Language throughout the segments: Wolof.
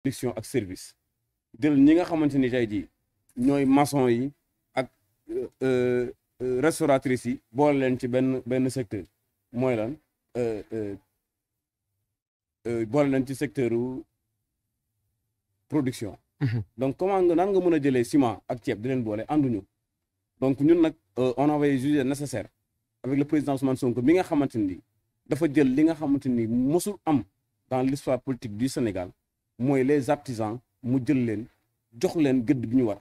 production ak service jël ñi nga xamante ni tey jii ñooy maçon yi ak euh, euh, restauratrice yi boole leen ci benn benn secteur mooy lan euh, boole leen ci secteur production mhm. donc comment nga nan nga mën a jëlee ciment ak ceeb di leen boole ànduñu donc ñun nag on avait jugé nécessaire avec le président Ousmane Sonko mi nga xamante ni dafa jël li nga xamante ni mosul am dans l'histoire politique du Sénégal mooy les artisans mu jël leen jox leen gëdd bi ñu war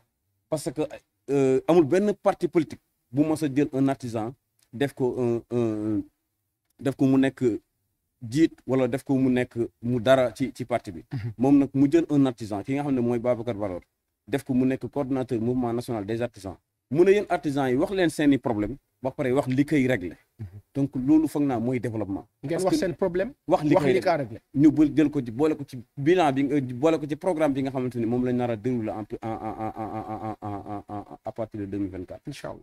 parce que euh, amul benn parti politique bu mos a jël un artisan def ko un def ko mu nekk jiit wala def ko mu nekk mu dara ci ci parti bi. Mhm. moom nag mu jël un artisan ki nga xam ne mooy Babacar Balor def ko mu nekk coordonnateur mouvement national des artisans mu ne yéen yi wax leen seeni problème ba pare wax li koy réglé donc loolu foog naa mooy développement. ngeen wax seen problème wax li koy réglé ñu bëri jël ko ci boole ko ci bilan bi boole ko ci programme bi nga xamante ni moom lañ nar a déroulé en en en en en à partir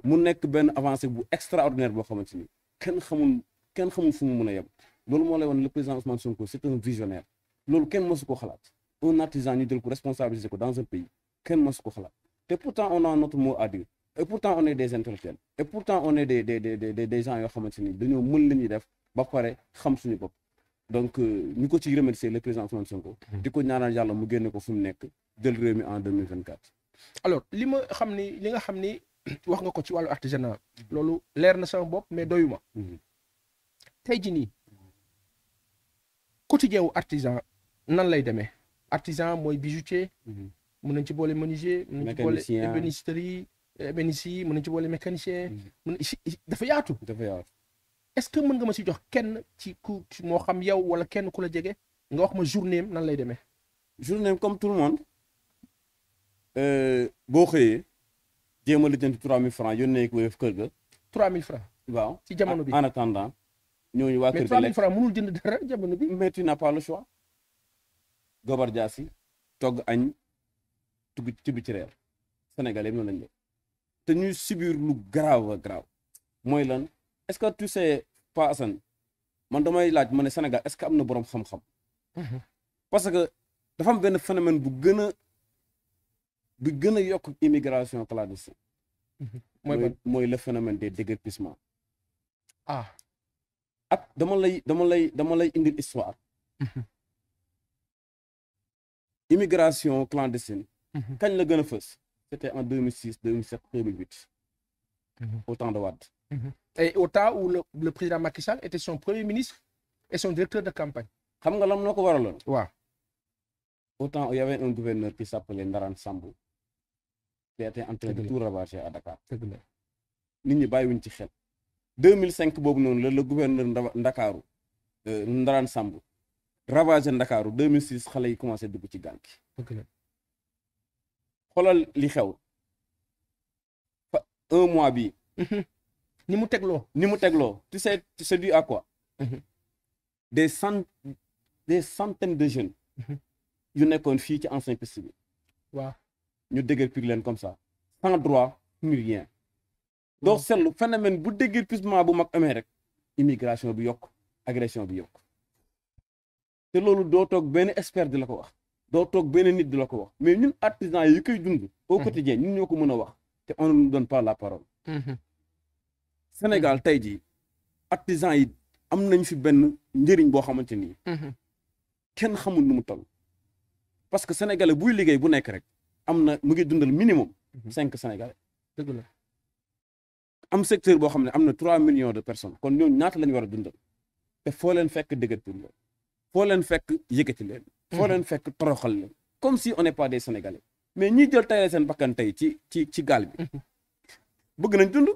mu nekk benn avancée bu extraordinaire boo xamante ni kenn xamul kenn xamul fu mu mën a yem loolu moo lay wan le président Ousmane Sonko c'est un visionnaire loolu kenn mësu ko xalaat un artisan ñu jël ko responsabiliser ko dans un pays kenn mësu ko xalaat te pourtant on a notre mot à dire. e pourtant on est des intellectuels et pourtant on est des des des dañoo mën li def ba pare xam suñu bopp donc euh, ñu ko ciy remercier le président Ousmane Sonko. Mm-hmm. di ko ñaanal yàlla mu génne ko fu mu nekk jël réew mi en 2024. alors li ma xam ni li nga xam ni wax nga ko ci wàllu artisanat loolu leer na sama bopp mais doyuma. Mm-hmm. tey jii nii quotidien wu artisan nan lay demee artisan mooy bijoutier. mën mm-hmm. nañ ci boole menuisier. mën nañ ci boole ébénisterie ébéniste eh, mën na ci boole mécanicien. Mm-hmm. mën dafa yaatu. dafa est-ce que mën nga ma si jox kenn ci ku moo xam yow wala kenn ku la jege nga wax ma journée am nan lay demee. journée am comme tout le monde euh, boo xëyee jéem a lijjanti 3000 francs yónnee ko def kër ga. 3000 francs waaw ci jamono bi en attendant. ñooñu waa kër ga lekk mais 3000 mënul jënd dara jamono bi. mais tu n'as pas le choix. gobar jaasi togg añ tugg ci bi ci reer sénégalais noonu lañ def. te ñuy subir lu grave grave mooy lan est-ce que tu sais pas Assane man damay laaj ma ne Sénégal est-ce que am na borom xam-xam. Mhm. parce que dafa am benn bu gën a bu gën a yokk immigration clandestine. Mhm. mooy mooy le phénomène des déguerpissements. ah. ak dama lay dama lay dama lay indil histoire. Mhm. immigration clandestine. kañ la gën a fës. c'était en 2006, 2007, 2008, mm -hmm. au temps de Wad. Mm -hmm. Et au temps où le, le, président Macky Sall était son premier ministre et son directeur de campagne. Ouais. Autant il y avait un gouverneur qui s'appelait Ndaran Sambou, qui était en train de tout ravager à Dakar. Nous avons dit 2005, le, le gouverneur Dakar, euh, Ndaran Sambou, ravagé Dakar. 2006, il a commencé à faire des xoolal li xew un mois bi mhm. ni mu tegloo ni mu tegloo tu sais tu sais dû à quoi mhm. des cent des de jeunes mhm. yu nekkoon fii ci ancien piste bi ñu dégër pir leen comme ça sans droit ni seetlu phénomène bu dégër pisement bu mag amee rek immigration bi yokk agression bi yokk te loolu doo toog benn expert di la ko wax doo toog benn nit di la ko wax mais ñun artisans yi koy dund. au mhm. quotidien ñun ñoo ko mën a wax te on ne donne pas la parole. Mhm. senegal tey jii artisans yi am nañ fi benn njëriñ boo xamante ni. Mhm. kenn xamul nu mu tol parce que sénégalais buy liggéey bu nekk rek am na mu ngi dundal minimum. cinq sénégalais. dëgg la am secteur boo xam ne am na trois millions de personnes kon ñooñu ñaata la ñu war a dundal te foo leen fekk dëggatul loolu foo leen fekk yëkkati leen. foo leen fekk toroxal la comme si on n'est pas des sénégalais mais ñi jël tayal seen bakkan tey ci ci ci gaal bi mhm. bëgg nañ dund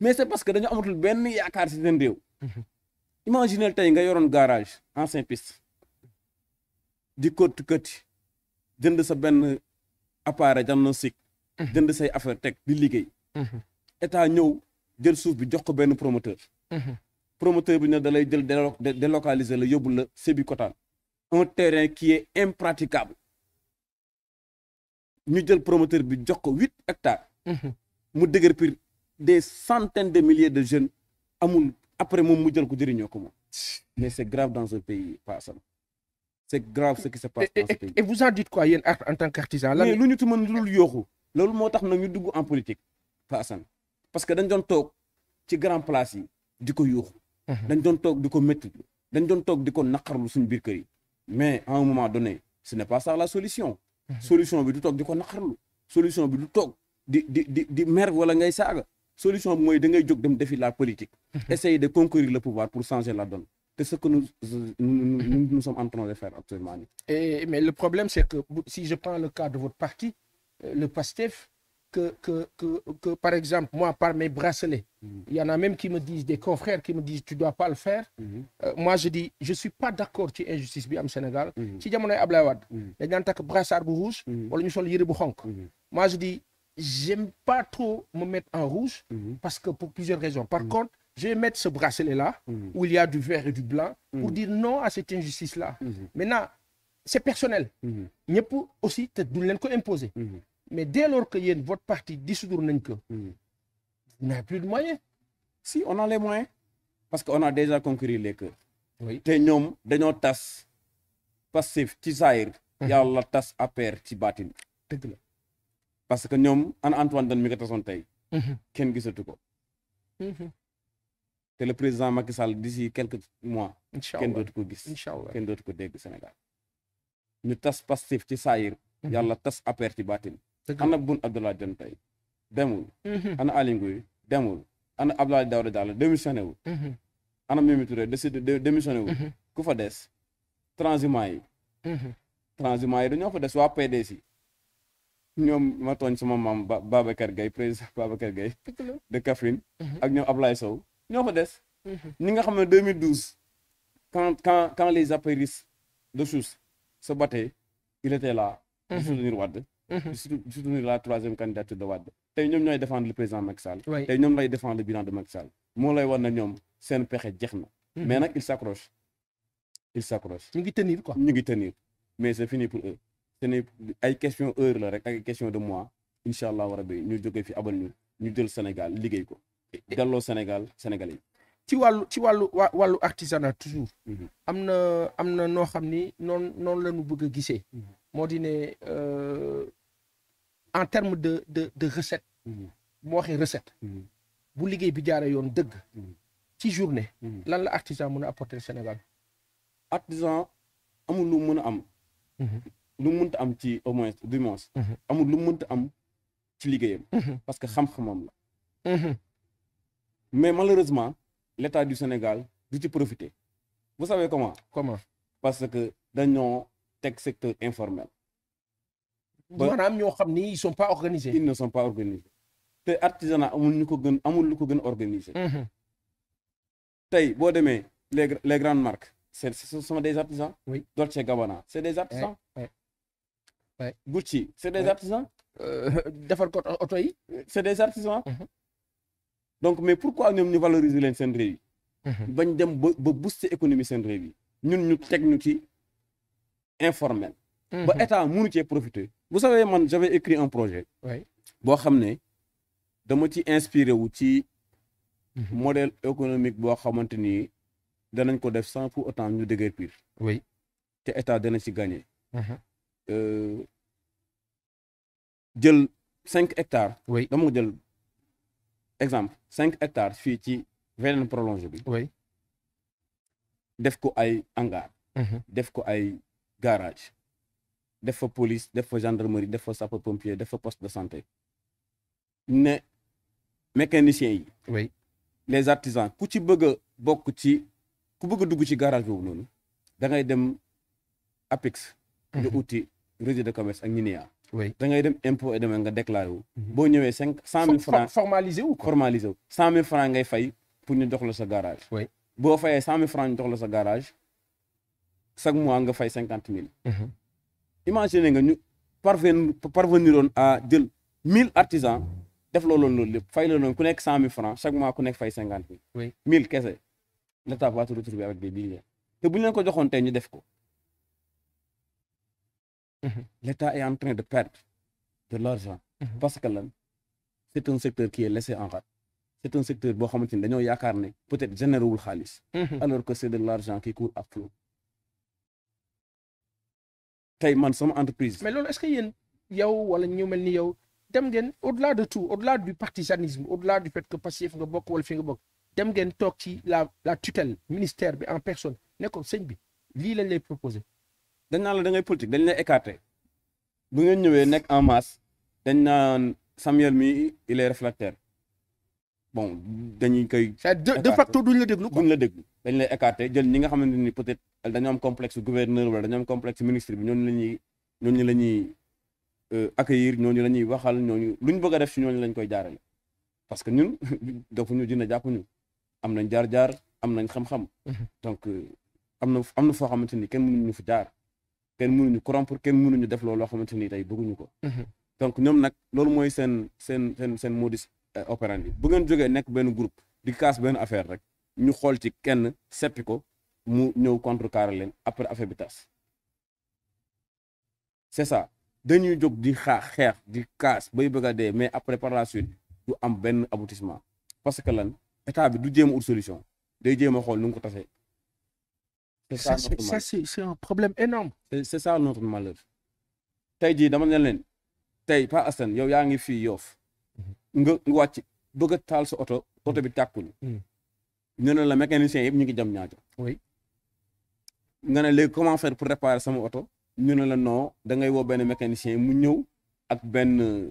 mais c'est parce que dañu amatul benn yaakaar si seen réew mhm. imaginel tey nga yoroon garage ancien piste di këtt këtti jënd sa benn appareil diagnostic mhm. jënd say affaire teg di liggéey état ñëw jël suuf bi jox ko benn promoteur promoteur bi ne da lay jël délocaliser la yóbbu la Sébikotane un terrain qui est impraticable ñu jël promoteur bi jox ko huit hectares. Mhm. mu dëgër pir des centaines de milliers de jeunes amul après moom mu jël ko jëriñoo ko moom mais c' est grave dans ce pays pas ça c' est grave ce qui se passe dans ce pays. et vous en dites quoi yéen en tant qu'artisan lan mais lu ñu ci mën lu yooxu loolu moo tax nag ñu dugg en politique paasan parce que dañ doon toog ci grand place yi di ko yuuxu mhm. dañ doon toog di ko métti dañ doon toog di ko naqarlu suñu biir kër yi mais à un moment donné ce n'est pas ça la solution. Mhm. solution bi du toog di ko naqarlu. solution bi du toog di di di di mer wala ngay saaga. solution bi mooy da ngay jóg dem défi la politique. Mhm. essayer de conquérir le pouvoir pour changer la donne. c'est ce que nous nous, nous sommes en train de faire actuellement. Et, mais le problème, c'est que si je prends le cas de votre parti, euh, le PASTEF, que, que, que, par exemple, moi, par mes bracelets, mm-hmm. il mm -hmm. y en a même qui me disent, des confrères qui me disent, tu ne dois pas le faire. Mm -hmm. euh, moi, je dis, je ne suis pas d'accord sur l'injustice au Sénégal. Si je suis en tant que brassard rouge, ou le rouge. Moi, je dis, j'aime pas trop me mettre en rouge, mm-hmm. parce que pour plusieurs raisons. Par mm-hmm. contre, je vais mettre ce bracelet-là, où il y a du vert et du blanc, pour dire non à cette injustice-là. Maintenant, c'est personnel. mais dès lors que yéen votre parti dissoudre nañ ko. vous hmm. n'avez plus de moyens. si on a les moyens. parce que on a déjà conquis les cœurs. te ñoom dañoo tas passif ci saayir. Hmm. yàlla tas APR ci baatin. dëgg la parce que ñoom ana Antoine Dan mi nga tasoon tey. Hmm. kenn gisatu ko. te le président Macky Sall d'ici quelques mois. incha allah kenn dootu ko gis. incha kenn dootu ko dégg Sénégal. ñu tas passif ci saayir. yàlla tas APR ci baatin. ana Boun Abdallah Dionne tey demul mhm. ana Aly Ngouille demul ana Abdoulaye Daouda Diallo démissionné wul mhm. ana Mimi Touré décidé démissionné wul mhm. ku fo des transhumant yi transhumant yi dañoo fa des waa PDS yi ñoom ma sama maam Babacar Gueye président Babacar Gueye de Kaffrine ak ñoom Ablaye Sow ñoo des ñi nga xam ne 2012 quand quand quand les apéristes de Sousse se battaient il était là pour di mmh. soutenir la troisième candidature de Wade tey ñoom ñooy défendre le président Macky Sall tey ñoom lay défendre le bilan de Macky Sall moo lay war na ñoom seen pexe jeex na mmh. mais nag il s'accroche il s'accroche ñu ngi tenir ñu ngi tenir mais c'est fini pour eux ce ay question heure la rek ay question de mois incha allah rabi ñu jógee fi abal ñu ñu jël Sénégal liggéey ko delloo Sénégal Sénégalais yi ci wàllu ci wàllu wa wàllu artisanat toujours mhm. am na am na noo xam ni noon noonu la ñu bëgg a gisee mhm. moo di ne euh, en terme de de de recette moo mhm. waxee recette bu liggéey bi jaaree yoon dëgg ci journée lan la artisan mën a apporter Sénégal artisan amul lu mën a am lu mënta am ci au moins du moins amul lu mënta am ci liggéeyam parce que xam-xamam la mais malheureusement l'État du Sénégal du ci profité vous savez comment. comment parce que dañoo teg secteur informel. ba maanaam ñoo xam ni ils sont pas organisés. ils ne pas organisés te artisanat amul ñu ko gën amul lu ko gën organisé. Mm-hmm. tey boo demee les les grandes se c' est des artisans. oui Dolce Gabbana c' est des artisans. Gucci c' des artisans. Euh, defar ko oto des artisans. Mm-hmm. donc mais pourquoi ñoom ñu valoriser leen seen réew mhm. bañ dem ba ba booster économie seen réew yi ñun ñu teg ñu ci informel ba mhm. état mënu cee profiter vous savez man j'avais écrit un projet boo xam ne dama ci inspiré wu ci mhm. model économique boo xamante ni danañ ko def sans pour temps ñu déguerpir oui te état dana ci gagné euh, jël cinq hectares dama ko jël exemple cinq hectares fii ci VDN prolongé bi. def ko ay hangar. Mhm. def ko ay garage def fa police def fa gendarmerie def fa sapeur pompier def fa poste de santé ne mécaniciens yi. les artisans ku ci bëgg bokk ci ku bëgg dugg ci garage boobu noonu da ngay dem APEX. Mhm. nga uti registre de commerce ak ñi oui da ngay dem impôt et demee nga déclaré mhm. boo ñëwee cinq cent mille francs formalisé wu ko formalisé wu cent mille francs ngay fay pour ñu jox la sa garage. boo fayee cent mille francs jox la sa garage chaque mois nga fay cinquante mille. Mhm. imagine nga ñu parven parvenir woon a jël mille artisans def loolu loolu lépp fay la loolu ku nekk cent mille francs chaque mois ku nekk fay cinquante mille. oui mille kese l'état va se retrouver avec des millions te bu ñu leen ko joxoon tey ñu def ko. l'État est en train de perdre de l'argent mhm. parce que la c'est un secteur qui est laissé en rade c'est un secteur boo xamante ni dañoo yaakaar ne peut-être générewul xaalis mhm. alors que c'est de l'argent qui court à flot man sama entreprise mais loolu est-ce que yéen yow wala ñu mel ni yow dem ngeen au-delà de tout au-delà du partisanisme au-delà du fait que Pastef nga bokk wala fi nga bokk dem ngeen toog ci la la tutelle ministère bi en personne ne ko sëñ bi lii lañ lay proposer dañ naan la da ngay politique dañ lay écarté bu ngeen ñëwee nekk en masse dañ naan Samuel mi il est bon dañuy koy. écarté de facto duñ la déglu. duñ la déglu dañ lay écarté jël ñi nga xamante ni peut-être dañoo am complexe gouverneur wala dañoo am complexe ministre bi ñooñu la ñuy ñooñu la ñuy euh, accueillir ñooñu la ñuy waxal ñooñu luñ bëgg a def si ñooñu lañ koy jaarale parce que ñun defuñu dina jàppuñu am nañ jaar-jaar am nañ xam-xam. Mhm. donc euh, am na am na foo xamante ni kenn mënuñu ñu fa jaar. kenn mënuñu corrompre kenn mënuñu def loolu loo xamante ni tey bëgguñu ko. Mhm. donc ñoom nag loolu mooy seen seen seen seen modus euh, operandi bu ngeen jógee nekk benn group di kaas benn affaire rek ñu xool ci kenn seppi ko mu ñëw contrecarrer leen après affaire bi tas. c'est ça dañuy jóg di xaa xeex di kaas bay bëgg a dee mais après par la suite du am benn aboutissement parce que lan état bi du jéem a solution day jéem a xool nu nga ko tasee. ça c'est un problème énorme c'est ça notre malheur tey jii dama ne leen tey Pa Assane yow yaa ngi fii yoof mm-hmm. nga wàcc bëgg a taal sa oto oto bi mm-hmm. tàkkuñu ñu mm-hmm. ne la mécanicien yëpp ñu ngi jam ñaajo oui nga ne léegi comment faire pour réparer sama oto ñu ne la noo da ngay woo benn mécanicien mu ñëw ak benn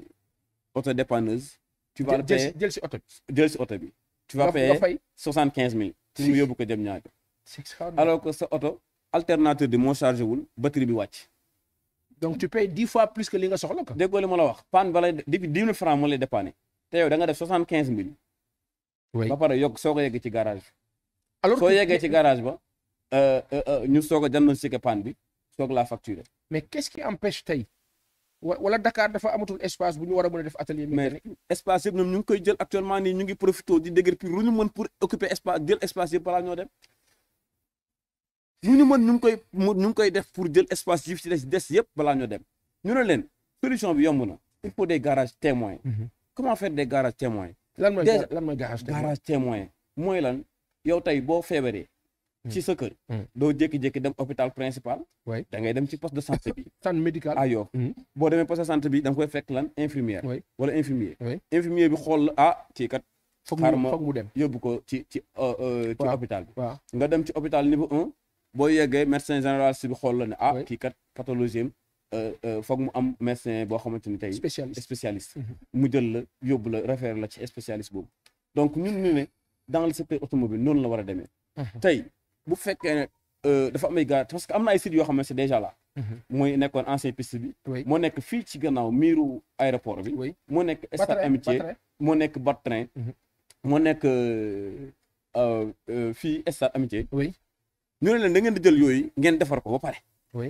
auto euh, dépanneuse tu vas payer jël si oto bi jël si oto bi tu vas payer soixante quinze mille ci mu yóbbu ko jam ñaajo alors ko sa oto alternateur bi moo chargé wul batterie bi wàcc. donc tu payes dix fois plus que li nga soxla ko. déggoo li ma la wax panne balay depuis dix mille francs moo lay dépanné te yow da nga def soixante quinze mille. ba pare yokk soo ko yeggee ci garage alors soo yeggee ci garage ba euh, euh, euh, ñu soog a diagnostiqué panne bi soog laa facturé. mais qu'est-ce qui empêche tey wala Dakar dafa amatul espace bu ñu war a mën a def atelier. mais espace yëpp ñoom ñu ngi koy jël actuellement nii ñu ngi profité di dégg pour lu ñu ñu mën ñu ngi koy ñu ngi koy def pour jël espace juif ci des des yëpp balaa ñoo dem ñu ne leen solution bi yomb na il faut des garages témoins mhm. comment faire des garages témoins lan mooy lan mooy garage témoin garage témoin mooy lan yow tey boo feebaree mhm. ci sa kër mhm. doo jékki-jékki dem hôpital principal da ngay dem ci poste de santé bi centre médical ah yow boo demee poste de santé bi da nga koy fekk lan infirmière wala infirmier infirmier bi xool la ah kii kat foog mu dem yóbbu ko ci ci euh, euh, ci hôpital bi nga dem ci hôpital niveau un boo yeggee médecin général si bi xool la ne ah kii kat pathologie am euh, euh, foog mu am médecin boo xamante ni tey spécialiste mhm. mu jël la yóbbu la référé la ci spécialiste boobu donc ñun ñu ne dans le secteur automobile noonu la war a demee mhm. tey bu fekkee ne euh, dafa am ay gars parce que am na ay sites yoo xam ne c'est déjà là mhm. mooy nekkoon ancien piste bi moo nekk fii ci gannaaw miiru aéroport bi moo nekk stade amitié moo nekk Bat Train moo nekk fii stade amitié ñu ne leen da ngeen di jël yooyu ngeen defar ko ba pare. oui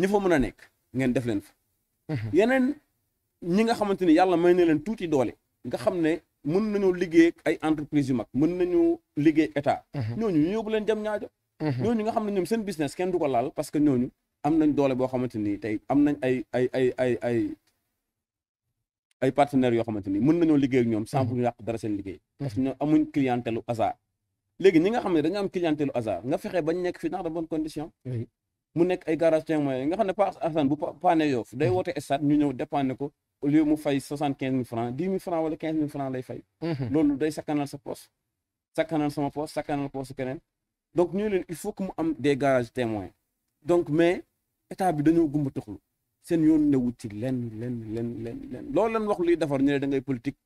ñi mën a nekk ngeen def leen fa. Mhm. yeneen ñi nga xamante ni yàlla may na leen tuuti doole nga xam ne mën nañoo liggéey ay entreprise yu mag mën nañu liggéey état. Mhm. ñooñu ñu yóbbu leen jam ñaajo. Mhm. ñooñu nga xam ne ñoom seen business kenn du ko laal parce que ñooñu am nañ doole boo xamante ni tey am nañ ay ay ay ay yoo xamante ni mën nañoo liggéey ñoom sans ñu yàq dara seen liggéey. parce que amuñ clientèle lu hasard. léegi ñi nga xam ne dañu am clientèle hasard nga fexe bañ nekk fii dans de bonnes conditions mu nekk ay garage témoin nga xam ne Pa Assane bu paane Yoff day mm-hmm. woote stade ñu ñëw dépanne ko au lieu mu fay soixante quinze mille francs dix mille francs wala quinze mille francs lay fay mm-hmm. loolu day sakkanal sa poche sakkanal sama poche sakkanal poche keneen donc ñu leen il faut que mu am des garages témoins donc mais état dañoo gumba taxlu seen yoon newut ci lenn lenn lenn lenn lenn loolu leen wax luy defar ne da ngay politique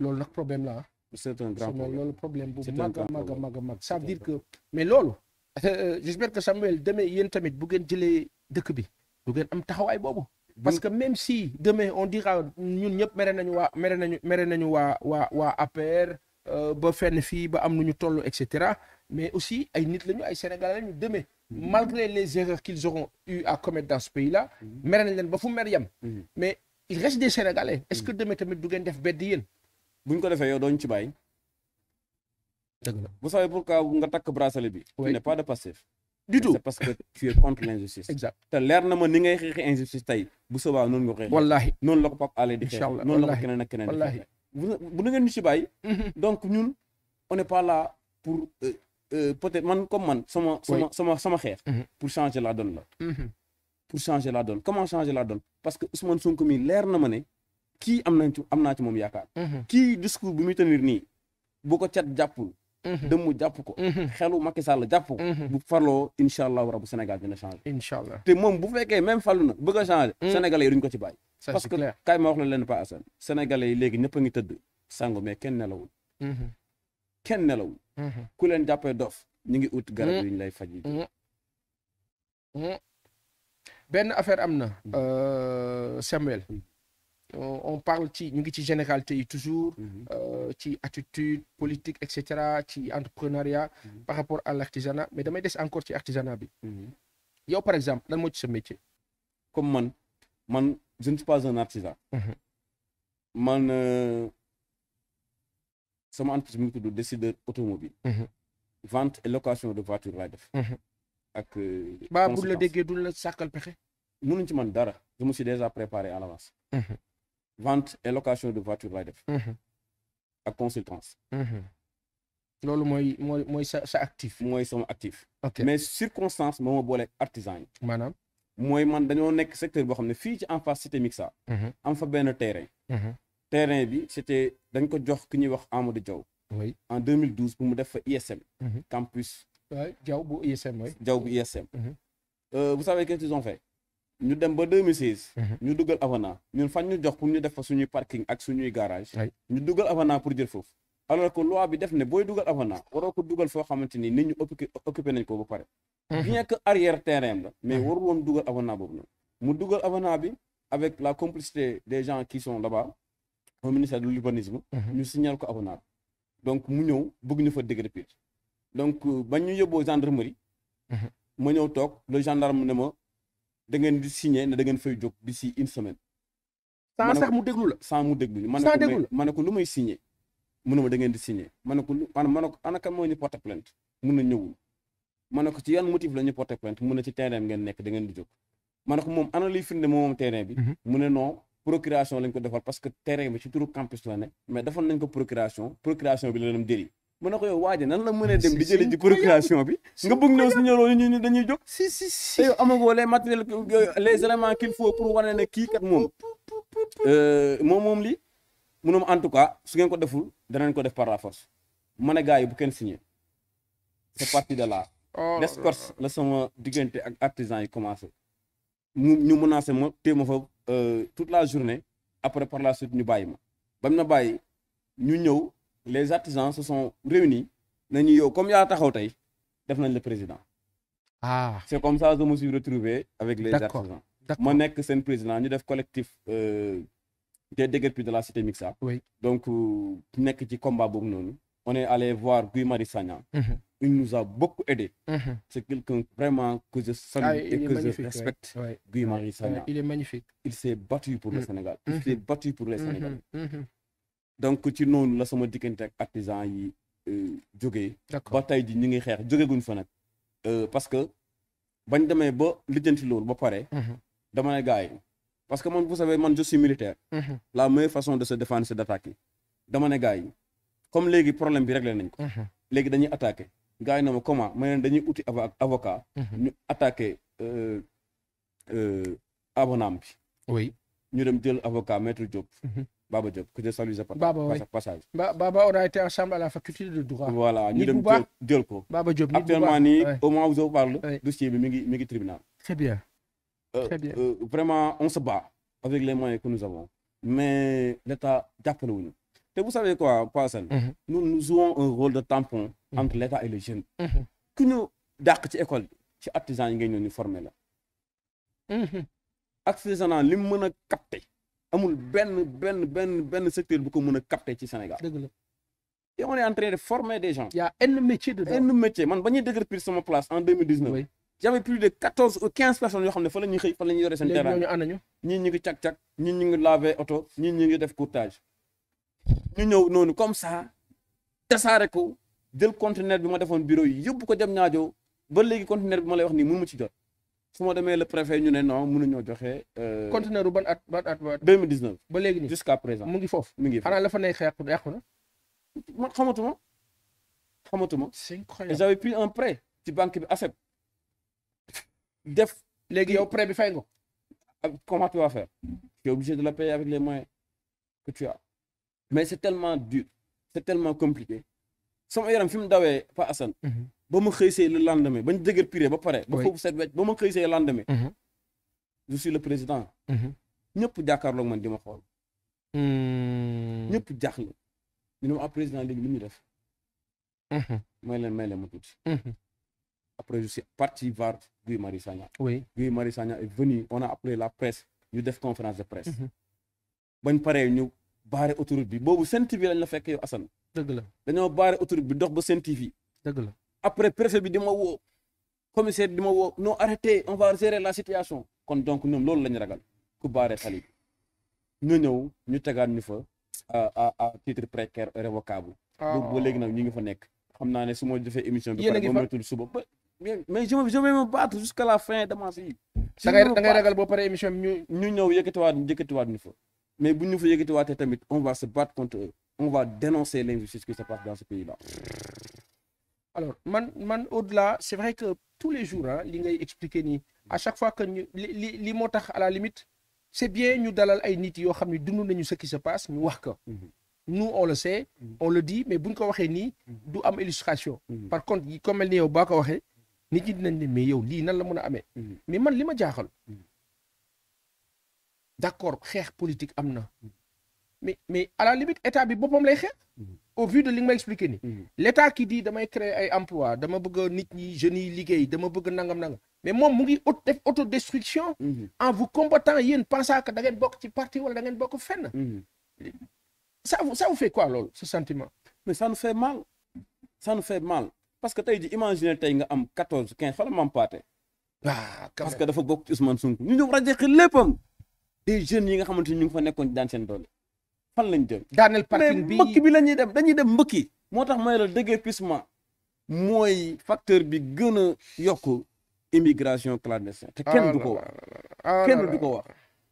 loolu nag problème la ah. c'est un grand problème loolu problème bu mag a mag a mag a mag ça veut dire que mais loolu j'espère que Samuel demee yéen tamit bu ngeen jëlee dëkk bi du ngeen am taxawaay boobu parce que même si demain on dira ñun ñëpp mere nañu waa mere nañu mere nañu waa waa waa APR euh, ba fenn fii ba am nu ñu toll et cetera mais aussi ay nit lañu ay Sénégalais lañu demee mm-hmm. malgré les erreurs qu'ils auront eu à commettre dans ce pays là mm-hmm. mere nañ leen ba fu mer yam mm-hmm. mais il reste des Sénégalais est-ce que demain tamit du ngeen def bedd yéen buñ ko defee yow dooñ ci bàyyi. dëgg la vous savez pourquoi nga takk bracelet bi. tu n'es pas de Pastef. du tout c'est parce que tu es contre l'injustice. exact te leer na ma ni ngay xeexi injustice tey bu soobaa noonu nga koy. wallaahi noonu la ko Pape Alé di xeex. incha allah noonu la ko keneen ak keneen. wallaahi bu na ngeen ñu ci bàyyi. donc ñun on n'est pas là pour euh, euh, peut-être man comme man. sama sama sama sama xeex. Mm-hmm. pour changer la donne la. Mm-hmm. pour changer la donne comment changer la donne parce que Ousmane Sonko mi leer na ma ne. kii am nañ ci am naa ci moom yaakaar. Mhm. kii discours bi muy tenir nii bu ko cat jàppul. Mhm. dëmm jàpp ko. Mhm. xelu Macky Sall jàpp ko. bu farloo incha allahu rabu Sénégal dina allah te moom bu fekkee même falu na bëgg a changé. Sénégalais yi ko ci bàyyi. parce que kaay ma wax la leen Pa Assane. Sénégalais yi léegi ñëpp ngi tëdd sango mais ken nelawul. kenn nelawul. ku leen jàppee dof ñu ngi ut garab yu ñu lay faj. benn affaire am na. Hmm. Euh, Samuel. Hmm. Euh, on parle ci ñu ngi ci généralité yi toujours mhm. euh, ci attitude politique et cetera ci entrepreneuriat mhm. par rapport à l'artisanat mais damay des encore ci artisanat bi mhm. yow par exemple lan moo ci sa métier comme man man je ne suis pas un artisan man euh, sama entreprise mi ngi tudd décideur automobile vente et location de voiture laay def ak baa bu la déggee du la sàkkal pexe mënuñ ci man dara je me suis déjà préparé à l'avance vente et location de voiture lay def. Mhm. ak consultance. Mhm. loolu mooy mooy mooy sa sa actif. mooy sama actif. ok mais circonstance moo ma boole artisan yi. maanaam. mooy man dañoo nekk secteur boo xam ne fii ci en face cité Mixa. Mhm. am fa benn terrain. terrain bi c'était dañ ko jox ki ñuy wax Amadou Diaw. oui en 2012 pour mu def fa ISM. campus. waaw bu ISM waay. Diaw bu ISM. Euh, vous savez qu'est-ce qu'ils ont ñu dem ba 2016. Mhm. ñu dugal Avana ñun fañ ñu jox pour ñu def fa suñuy parking ak suñuy garage ñu dugal Avana pour jël foofu. alors que loi bi def ne booy dugal Avana waroo ko dugal foo xamante ni nit ñu occupé occupé nañ ko ba pare. Mhm. bien que arrière terrain la. mais mhm. warul woon dugal Avana boobu noonu. mu dugal Avana bi avec la complicité des gens qui sont là-bas au ministère de l'urbanisme ñu signal ko Avana donc mu ñëw bëgg ñu fa déguerpir. donc euh, bañ ñu yóbboo gendarmerie. ma ñëw toog le gendarme ne ma. dangeen di signé ne da ngeen fay jóg d'ici une semaine. sans mu déglu la sans mu déglu la. sans déglu la ma ne ko lu may signé. mu ne ma da ngeen di signé ma ne ko ñu porté plainte mun na ñëwul. ma ne ko motif la ñu porté plainte mun na ngeen nekk da ngeen di jóg. ma ne ko moom ana liy firnde moom terrain bi. Mhm. mu ne procuration lañ ko defal parce que terrain bi ci turu campus la ne. mais defoon nañ ko procuration procuration bi la leen mën na ko yow waaji nan la mën a dem di jëlee ci procuration bi nga bëgg ñëw si ñoroo ñu ñu dañuy jóg si si si yow les matériels les éléments qu'il faut pour wane ne kii kat moom euh, moom moom lii munoom en tout cas su ngeen ko deful danañ ko def par la mane ma ne gars yi bu kenn signé c'est parti de là oh l'escorte la sama diggante ak artisan yi commencé mu ñu menacé ma téye ma fa euh, tout la journée après par la suite ñu bàyyi ma bañ ma bàyyi ñu ñëw les artisans se sont réunis nañu yow comme yaa taxaw tey def nañ le président. ah c'est comme ça que je me suis retrouvé avec les artisans. ma nekk seen président ñu def collectif euh, des déguerpis de la cité Mixa. donc euh, nekk ci combat boobu noonu. on est allé voir Guy Marius Sagna. Mm -hmm. il nous a beaucoup aidé. Mm -hmm. c'est quelqu'un vraiment que je salue ah, et que je respecte. Guy Marius Sagna il s'est battu pour le mhm. Sénégal. donc ci noonu la sama diggante ak artisan yi euh, jógee. ba tey ji ñu ngi xeex jóge guñ fa nag. Euh, parce que bañ demee ba lijjanti loolu ba pare. Mhm. dama ne gars yi que man vous savez man je suis militaire. Mhm. la meilleure façon de se défendre c'est d'attaquer. dama ne gars yi comme léegi problème bi réglé nañ ko. Mhm. léegi dañuy attaquer gars yi na ma comment ma ne dañuy uti avocat. ñu attaquer euh, abonam bi. oui ñu dem jël avocat maître Diop. Baba Diop que Dieu salue sa Baba passage. Baba on a été ensemble à la faculté de droit. voilà ñu dem jël actuellement nii au moment où je vous parle. dossier mi ngi mi ngi tribunal. c'est euh, euh, vraiment on ba bat avec les moyens que nous avons mais l'État jàppale wuñu te vous savez a Paasan. Mhm. nous nous jouons un rôle de tampon. Mhm. entre l'État et mhm. ku ñu dàq ci école bi ci artisan yi ngay ñëw ñu former la. artisanat li mu mën a amul benn benn benn benn secteur bu ko mën a capter ci senegal dëgg la et on est en train de former des gens. man ba ñuy déguerpir sama place en 2019. oui j' avais plus de quatorze ou quinze personnes yoo xam ne fa la xëy fa la yore seen. terrain léegi ñu ngi càq-càq ñii ñu ngi laver oto ñii ñu ngi def courtage ñu ñëw noonu comme ça tasaare ko jël conteneur bi ma defoon bureau yi yóbbu ko dem ñaajoo ba léegi conteneur bi ma lay wax nii mënu ma ci jot. fu ma demee le préfet ñu ne non mënuñoo joxe. Euh, conteneur bu ban at ban at ba. 2019 ba léegi nii jusqu'à présent mu ngi foofu mu ngi foofu xanaa la fa nekk yàqu yàqu na. man xamatuma xamatuma. c'est incroyable j'avais pris un prêt ci banque bi AFEP. def léegi yow prêt bi fay nga. Ah, comment tu vas faire. tu es obligé de la payer avec les moyens que tu as. mais c'est tellement dur. c'est tellement compliqué. sama yaram fi mu dawee Pa Assane. Mhm. ba ma xëy see le lendemain bañ dëgër piré ba pare. ba foofu set wecc ba ma xëy see le lendemain. Mhm. je suis le président. Mhm. ñëpp jàkkaarloog man di ma xool. Hmm. ñëpp jaaxle. ñu ah, président léegi lu ñu def. Mhm. may leen may leen ma tuuti. après je suis parti voir Guy Marius Sagna. oui Guy Marius a appelé la presse ñu def conférence de presse. bañ paree ñu bare autoroute bi boobu Sen TV lañ la fekk yow Assane. dëgg la dañoo baare autoroute bi dox ba Sen TV. dëgg la. après préfet bi di ma woo commissaire bi di ma woo non on va gérer la situation kon donc ñoom loolu lañu ragal ku baaree xale ñu ñëw ñu tegaat ñu fa à à titre précaire révocable. waaw ah. ba nag ñu ngi fa nekk. xam naa ne su ma defee émission bi. yéen a ngi suba ba. mais je je vais me battre jusqu'à la fin de ma vie. da ngay da ngay ragal boo ñu. ñu ñëw yëkkatiwaat yëkkatiwaat fa. mais bu ñu fa yëkkatiwaatee tamit on va se battre contre eux on va dénoncer l'injustice qui se passe dans ce pays là. alors man man au-delà c'est vrai que tous les jours li ngay expliquer nii à chaque fois que ñu li li moo tax à la limite c'est bien ñu dalal ay nit yoo xam ne dund nañu ce qui se passe ñu wax ko mm-hmm. nous on le sait mm-hmm. on le dit mais buñ ko waxee nii mm-hmm. du am illustration par contre comme mel ni yow baa ko waxee nit ñi dinañ ne mais yow lii nan la mën a amee mais man li ma jaaxal d'accord xeex politique am na mais mais à la limite état bi boppam lay xeex. Mm-hmm. au vu de li nga ni l' état qui damay créer ay emploi dama bëgg nit ñi jeunes yi liggéey dama bëgg nangam nangam mais moom mu ngi auto def autodestruction. Mm-hmm. en vous combattant yéen pensant que da ngeen bokk ci parti wala da ngeen bokk fenn. Mm-hmm. ça vous ça vous fait quoi loolu ce sentiment. mais ça nous fait mal ça parce que tey ji imaginer tey nga am quatorze quinze fa la ma paate. waaw parce que dafa bokk ci Ousmane Sonko ñu ñëw rajo xel léppam. des jeunes yi nga xamante ni ñu ngi fan lañ jëm. daaneel parking bi mbëkk bi la ñuy dem dañuy dem mbëkk yi. moo tax may la déguerpissement mooy facteur bi gën a yokk immigration clandestine. te kenn du ko wax kenn du ko wax.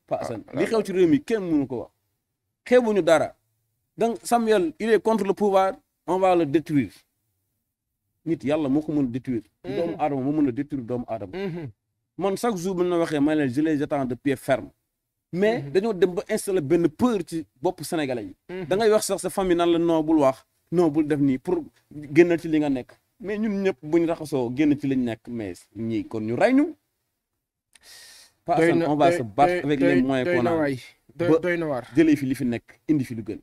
Pa Assane ah li xew ci réew mi kenn mënu ko wax. xeebuñu dara donc Samuel il est contre le pouvoir on va le détruire nit yàlla moo ko mën a détruire. Mm-hmm. doomu aadama moo mën a détruire doomu aadama. Mm-hmm. man chaque jour bu ñu la waxee may leen je les attends de pied ferme. mais mhm. dañoo dem ba installer benn peur ci boppu sénégalais yi. Mhm. da ngay wax sax sa famille nan la noo bul wax noo bul def nii pour génnal ci li nga nekk mais ñun ñëpp bu ñu raxasoo génn ci liñ nekk mais ñii kon ñu rey ñu. doy na doy doy doy na waay doy doy na waar on va se battre avec les moyens qu'on a ba jëlee fi li fi nekk indi fi lu gën.